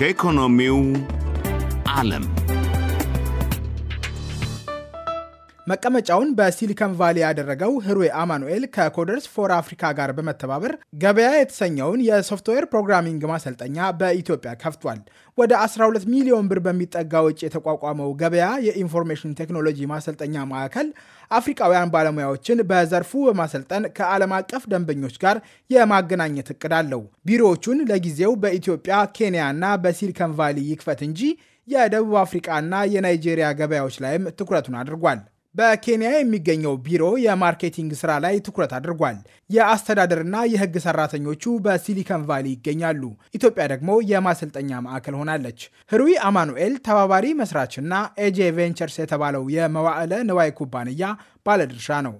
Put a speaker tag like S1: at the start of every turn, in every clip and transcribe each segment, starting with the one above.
S1: ከኢኮኖሚው ዓለም መቀመጫውን በሲሊከን ቫሊ ያደረገው ህሩዌ አማኑኤል ከኮደርስ ፎር አፍሪካ ጋር በመተባበር ገበያ የተሰኘውን የሶፍትዌር ፕሮግራሚንግ ማሰልጠኛ በኢትዮጵያ ከፍቷል። ወደ 12 ሚሊዮን ብር በሚጠጋ ውጭ የተቋቋመው ገበያ የኢንፎርሜሽን ቴክኖሎጂ ማሰልጠኛ ማዕከል አፍሪካውያን ባለሙያዎችን በዘርፉ በማሰልጠን ከዓለም አቀፍ ደንበኞች ጋር የማገናኘት እቅድ አለው። ቢሮዎቹን ለጊዜው በኢትዮጵያ፣ ኬንያና በሲሊከን ቫሊ ይክፈት እንጂ የደቡብ አፍሪቃና የናይጄሪያ ገበያዎች ላይም ትኩረቱን አድርጓል። በኬንያ የሚገኘው ቢሮ የማርኬቲንግ ስራ ላይ ትኩረት አድርጓል። የአስተዳደርና የህግ ሰራተኞቹ በሲሊከን ቫሊ ይገኛሉ። ኢትዮጵያ ደግሞ የማሰልጠኛ ማዕከል ሆናለች። ህሩዊ አማኑኤል ተባባሪ መስራችና ኤጄ ቬንቸርስ የተባለው የመዋዕለ ንዋይ ኩባንያ ባለድርሻ ነው።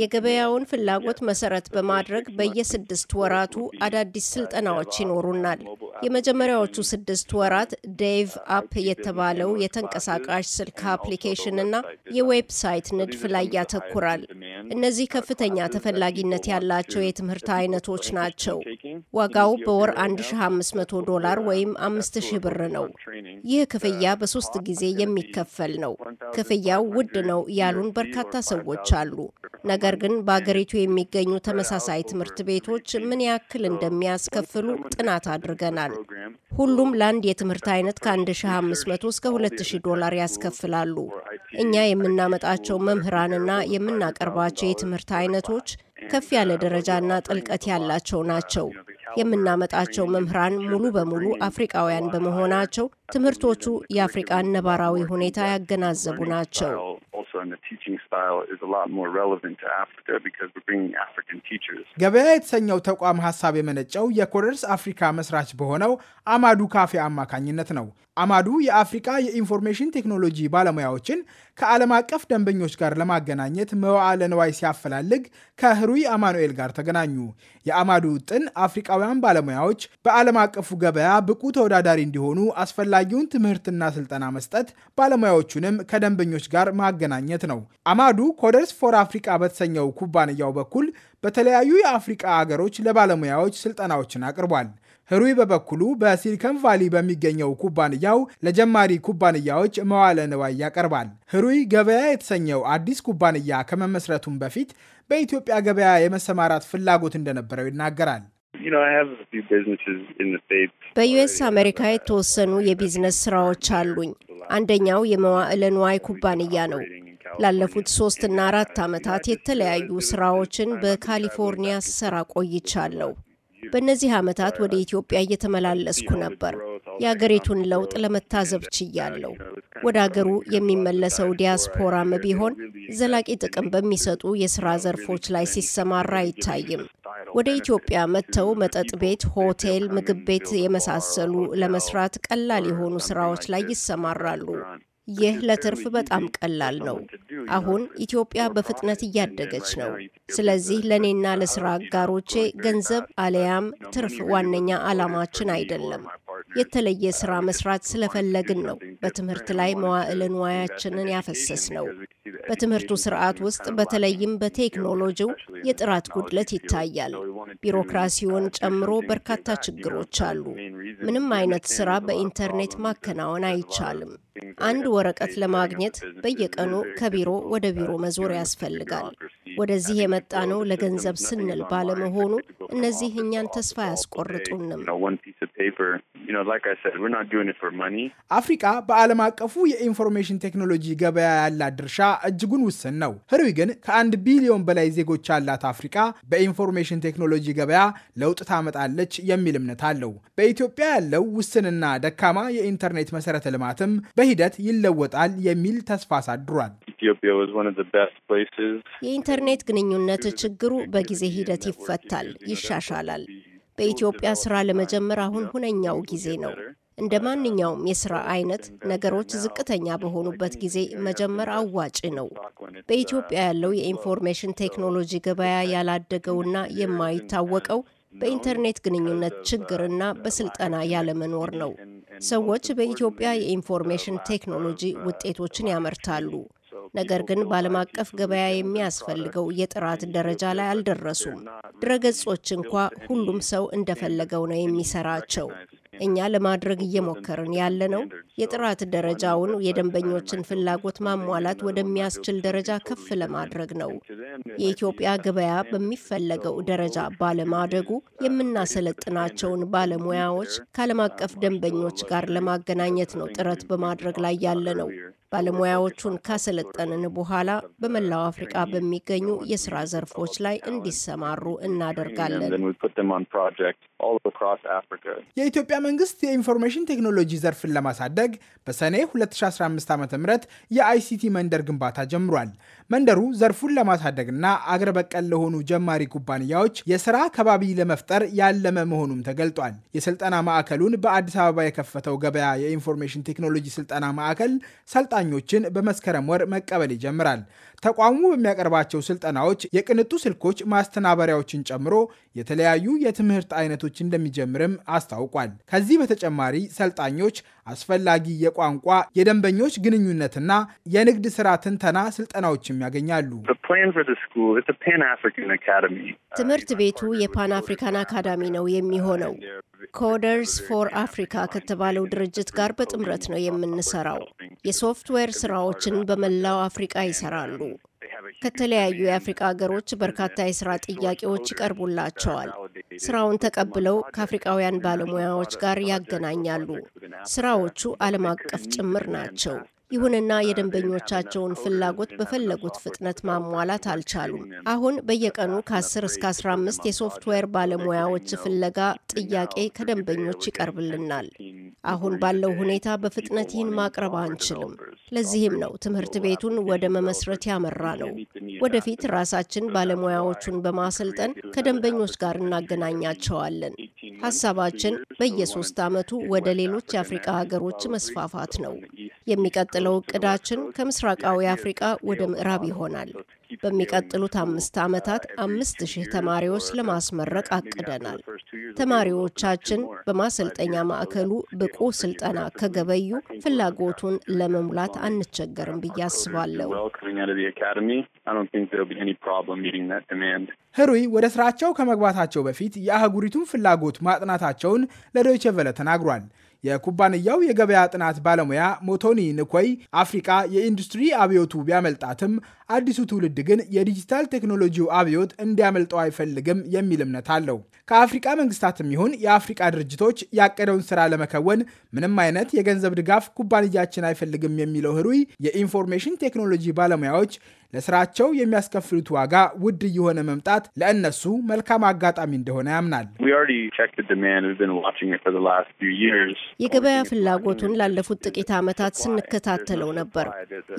S2: የገበያውን ፍላጎት መሰረት በማድረግ በየስድስት ወራቱ አዳዲስ ስልጠናዎች ይኖሩናል። የመጀመሪያዎቹ ስድስት ወራት ዴቭ አፕ የተባለው የተንቀሳቃሽ ስልክ አፕሊኬሽን እና የዌብሳይት ንድፍ ላይ ያተኩራል። እነዚህ ከፍተኛ ተፈላጊነት ያላቸው የትምህርት አይነቶች ናቸው። ዋጋው በወር 1500 ዶላር ወይም 5000 ብር ነው። ይህ ክፍያ በሶስት ጊዜ የሚከፈል ነው። ክፍያው ውድ ነው ያሉን በርካታ ሰዎች አሉ። ነገር ግን በአገሪቱ የሚገኙ ተመሳሳይ ትምህርት ቤቶች ምን ያክል እንደሚያስከፍሉ ጥናት አድርገናል። ሁሉም ለአንድ የትምህርት አይነት ከ1500 እስከ 2000 ዶላር ያስከፍላሉ። እኛ የምናመጣቸው መምህራንና የምናቀርባቸው የትምህርት አይነቶች ከፍ ያለ ደረጃና ጥልቀት ያላቸው ናቸው። የምናመጣቸው መምህራን ሙሉ በሙሉ አፍሪቃውያን በመሆናቸው ትምህርቶቹ የአፍሪቃን ነባራዊ ሁኔታ ያገናዘቡ ናቸው።
S1: teaching style is a lot more relevant to Africa because we're bringing African teachers. ገበያ የተሰኘው ተቋም ሀሳብ የመነጨው የኮደርስ አፍሪካ መስራች በሆነው አማዱ ካፌ አማካኝነት ነው። አማዱ የአፍሪቃ የኢንፎርሜሽን ቴክኖሎጂ ባለሙያዎችን ከዓለም አቀፍ ደንበኞች ጋር ለማገናኘት መዋዕለ ንዋይ ሲያፈላልግ ከህሩይ አማኑኤል ጋር ተገናኙ። የአማዱ ውጥን አፍሪቃውያን ባለሙያዎች በዓለም አቀፉ ገበያ ብቁ ተወዳዳሪ እንዲሆኑ አስፈላጊውን ትምህርትና ስልጠና መስጠት፣ ባለሙያዎቹንም ከደንበኞች ጋር ማገናኘት ነው። አማዱ ኮደርስ ፎር አፍሪቃ በተሰኘው ኩባንያው በኩል በተለያዩ የአፍሪቃ አገሮች ለባለሙያዎች ስልጠናዎችን አቅርቧል። ህሩይ በበኩሉ በሲሊከን ቫሊ በሚገኘው ኩባንያው ለጀማሪ ኩባንያዎች መዋለ ንዋይ ያቀርባል። ህሩይ ገበያ የተሰኘው አዲስ ኩባንያ ከመመስረቱም በፊት
S2: በኢትዮጵያ ገበያ የመሰማራት ፍላጎት እንደነበረው ይናገራል። በዩኤስ አሜሪካ የተወሰኑ የቢዝነስ ስራዎች አሉኝ። አንደኛው የመዋዕለ ንዋይ ኩባንያ ነው። ላለፉት ሶስትና አራት ዓመታት የተለያዩ ስራዎችን በካሊፎርኒያ ስሰራ ቆይቻለሁ። በእነዚህ ዓመታት ወደ ኢትዮጵያ እየተመላለስኩ ነበር። የአገሪቱን ለውጥ ለመታዘብ ችያለሁ። ወደ አገሩ የሚመለሰው ዲያስፖራም ቢሆን ዘላቂ ጥቅም በሚሰጡ የስራ ዘርፎች ላይ ሲሰማራ አይታይም። ወደ ኢትዮጵያ መጥተው መጠጥ ቤት፣ ሆቴል፣ ምግብ ቤት የመሳሰሉ ለመስራት ቀላል የሆኑ ስራዎች ላይ ይሰማራሉ። ይህ ለትርፍ በጣም ቀላል ነው። አሁን ኢትዮጵያ በፍጥነት እያደገች ነው። ስለዚህ ለእኔና ለስራ አጋሮቼ ገንዘብ አለያም ትርፍ ዋነኛ ዓላማችን አይደለም። የተለየ ስራ መስራት ስለፈለግን ነው በትምህርት ላይ መዋዕለ ንዋያችንን ያፈሰስ ነው። በትምህርቱ ስርዓት ውስጥ በተለይም በቴክኖሎጂው የጥራት ጉድለት ይታያል። ቢሮክራሲውን ጨምሮ በርካታ ችግሮች አሉ። ምንም አይነት ስራ በኢንተርኔት ማከናወን አይቻልም። አንድ ወረቀት ለማግኘት በየቀኑ ከቢሮ ወደ ቢሮ መዞር ያስፈልጋል። ወደዚህ የመጣ ነው ለገንዘብ ስንል ባለመሆኑ እነዚህ እኛን ተስፋ አያስቆርጡንም። አፍሪቃ በዓለም አቀፉ
S1: የኢንፎርሜሽን ቴክኖሎጂ ገበያ ያላት ድርሻ እጅጉን ውስን ነው። ህሩይ ግን ከአንድ ቢሊዮን በላይ ዜጎች ያላት አፍሪቃ በኢንፎርሜሽን ቴክኖሎጂ ገበያ ለውጥ ታመጣለች የሚል እምነት አለው። በኢትዮጵያ ያለው ውስንና ደካማ የኢንተርኔት መሰረተ ልማትም በሂደት ይለወጣል
S2: የሚል ተስፋ አሳድሯል። የኢንተርኔት ግንኙነት ችግሩ በጊዜ ሂደት ይፈታል፣ ይሻሻላል። በኢትዮጵያ ስራ ለመጀመር አሁን ሁነኛው ጊዜ ነው። እንደ ማንኛውም የስራ አይነት ነገሮች ዝቅተኛ በሆኑበት ጊዜ መጀመር አዋጭ ነው። በኢትዮጵያ ያለው የኢንፎርሜሽን ቴክኖሎጂ ገበያ ያላደገውና የማይታወቀው በኢንተርኔት ግንኙነት ችግርና በስልጠና ያለመኖር ነው። ሰዎች በኢትዮጵያ የኢንፎርሜሽን ቴክኖሎጂ ውጤቶችን ያመርታሉ። ነገር ግን በዓለም አቀፍ ገበያ የሚያስፈልገው የጥራት ደረጃ ላይ አልደረሱም። ድረገጾች እንኳ ሁሉም ሰው እንደፈለገው ነው የሚሰራቸው። እኛ ለማድረግ እየሞከርን ያለነው የጥራት ደረጃውን የደንበኞችን ፍላጎት ማሟላት ወደሚያስችል ደረጃ ከፍ ለማድረግ ነው። የኢትዮጵያ ገበያ በሚፈለገው ደረጃ ባለማደጉ የምናሰለጥናቸውን ባለሙያዎች ከዓለም አቀፍ ደንበኞች ጋር ለማገናኘት ነው ጥረት በማድረግ ላይ ያለ ነው። ባለሙያዎቹን ካሰለጠንን በኋላ በመላው አፍሪቃ በሚገኙ የስራ ዘርፎች ላይ እንዲሰማሩ እናደርጋለን።
S1: የኢትዮጵያ መንግስት የኢንፎርሜሽን ቴክኖሎጂ ዘርፍን ለማሳደግ በሰኔ 2015 ዓ ም የአይሲቲ መንደር ግንባታ ጀምሯል። መንደሩ ዘርፉን ለማሳደግና አገር በቀል ለሆኑ ጀማሪ ኩባንያዎች የስራ ከባቢ ለመፍጠር ያለመ መሆኑም ተገልጧል። የስልጠና ማዕከሉን በአዲስ አበባ የከፈተው ገበያ የኢንፎርሜሽን ቴክኖሎጂ ስልጠና ማዕከል ሰልጣ አሰልጣኞችን በመስከረም ወር መቀበል ይጀምራል። ተቋሙ በሚያቀርባቸው ስልጠናዎች የቅንጡ ስልኮች ማስተናበሪያዎችን ጨምሮ የተለያዩ የትምህርት አይነቶች እንደሚጀምርም አስታውቋል። ከዚህ በተጨማሪ ሰልጣኞች አስፈላጊ የቋንቋ የደንበኞች ግንኙነትና የንግድ ስራ ትንተና ስልጠናዎችም ያገኛሉ።
S2: ትምህርት ቤቱ የፓን አፍሪካን አካዳሚ ነው የሚሆነው። ኮደርስ ፎር አፍሪካ ከተባለው ድርጅት ጋር በጥምረት ነው የምንሰራው። የሶፍትዌር ስራዎችን በመላው አፍሪቃ ይሰራሉ። ከተለያዩ የአፍሪቃ ሀገሮች በርካታ የስራ ጥያቄዎች ይቀርቡላቸዋል። ስራውን ተቀብለው ከአፍሪቃውያን ባለሙያዎች ጋር ያገናኛሉ። ስራዎቹ ዓለም አቀፍ ጭምር ናቸው። ይሁንና የደንበኞቻቸውን ፍላጎት በፈለጉት ፍጥነት ማሟላት አልቻሉም። አሁን በየቀኑ ከ10 እስከ 15 የሶፍትዌር ባለሙያዎች ፍለጋ ጥያቄ ከደንበኞች ይቀርብልናል። አሁን ባለው ሁኔታ በፍጥነት ይህን ማቅረብ አንችልም። ለዚህም ነው ትምህርት ቤቱን ወደ መመስረት ያመራ ነው። ወደፊት ራሳችን ባለሙያዎቹን በማሰልጠን ከደንበኞች ጋር እናገናኛቸዋለን። ሀሳባችን በየሶስት ዓመቱ ወደ ሌሎች የአፍሪቃ ሀገሮች መስፋፋት ነው። የሚቀጥለው እቅዳችን ከምስራቃዊ አፍሪቃ ወደ ምዕራብ ይሆናል። በሚቀጥሉት አምስት ዓመታት አምስት ሺህ ተማሪዎች ለማስመረቅ አቅደናል። ተማሪዎቻችን በማሰልጠኛ ማዕከሉ ብቁ ስልጠና ከገበዩ ፍላጎቱን ለመሙላት አንቸገርም ብዬ አስባለሁ።
S1: ህሩይ ወደ ስራቸው ከመግባታቸው በፊት የአህጉሪቱን ፍላጎት ማጥናታቸውን ለዶይቸ ቨለ ተናግሯል። የኩባንያው የገበያ ጥናት ባለሙያ ሞቶኒ ንኮይ አፍሪቃ የኢንዱስትሪ አብዮቱ ቢያመልጣትም አዲሱ ትውልድ ግን የዲጂታል ቴክኖሎጂው አብዮት እንዲያመልጠው አይፈልግም የሚል እምነት አለው። ከአፍሪቃ መንግስታትም ይሁን የአፍሪቃ ድርጅቶች ያቀደውን ስራ ለመከወን ምንም አይነት የገንዘብ ድጋፍ ኩባንያችን አይፈልግም የሚለው ህሩይ የኢንፎርሜሽን ቴክኖሎጂ ባለሙያዎች ለስራቸው የሚያስከፍሉት ዋጋ ውድ እየሆነ መምጣት ለእነሱ መልካም አጋጣሚ እንደሆነ ያምናል።
S2: የገበያ ፍላጎቱን ላለፉት ጥቂት ዓመታት ስንከታተለው ነበር።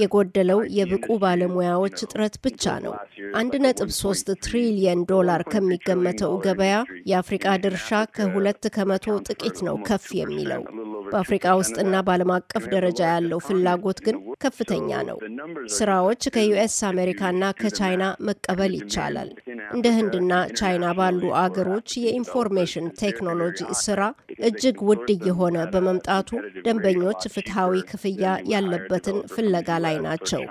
S2: የጎደለው የብቁ ባለሙያዎች እጥረት ብቻ ነው። አንድ ነጥብ ሶስት ትሪሊየን ዶላር ከሚገመተው ገበያ የአፍሪቃ ድርሻ ከሁለት ከመቶ ጥቂት ነው ከፍ የሚለው። በአፍሪቃ ውስጥና በዓለም አቀፍ ደረጃ ያለው ፍላጎት ግን ከፍተኛ ነው። ስራዎች ከዩኤስ አሜሪካና ከቻይና መቀበል ይቻላል። እንደ ህንድና ቻይና ባሉ አገሮች የኢንፎርሜሽን ቴክኖሎጂ ስራ እጅግ ውድ እየሆነ በመምጣቱ ደንበኞች ፍትሐዊ ክፍያ ያለበትን ፍለጋ ላይ ናቸው።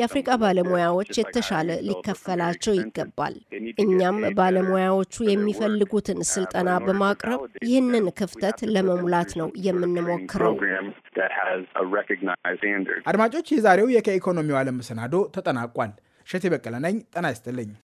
S2: የአፍሪቃ ባለሙያዎች የተሻለ ሊከፈላቸው ይገባል። እኛም ባለሙያዎቹ የሚፈልጉትን ስልጠና በማቅረብ ይህንን ክፍተት ለመሙላት ነው የምንሞክረው።
S1: አድማጮች፣ የዛሬው የከኢኮኖሚው ዓለም መሰናዶ ተጠናቋል። እሸቴ በቀለ ነኝ። ጤና ይስጥልኝ።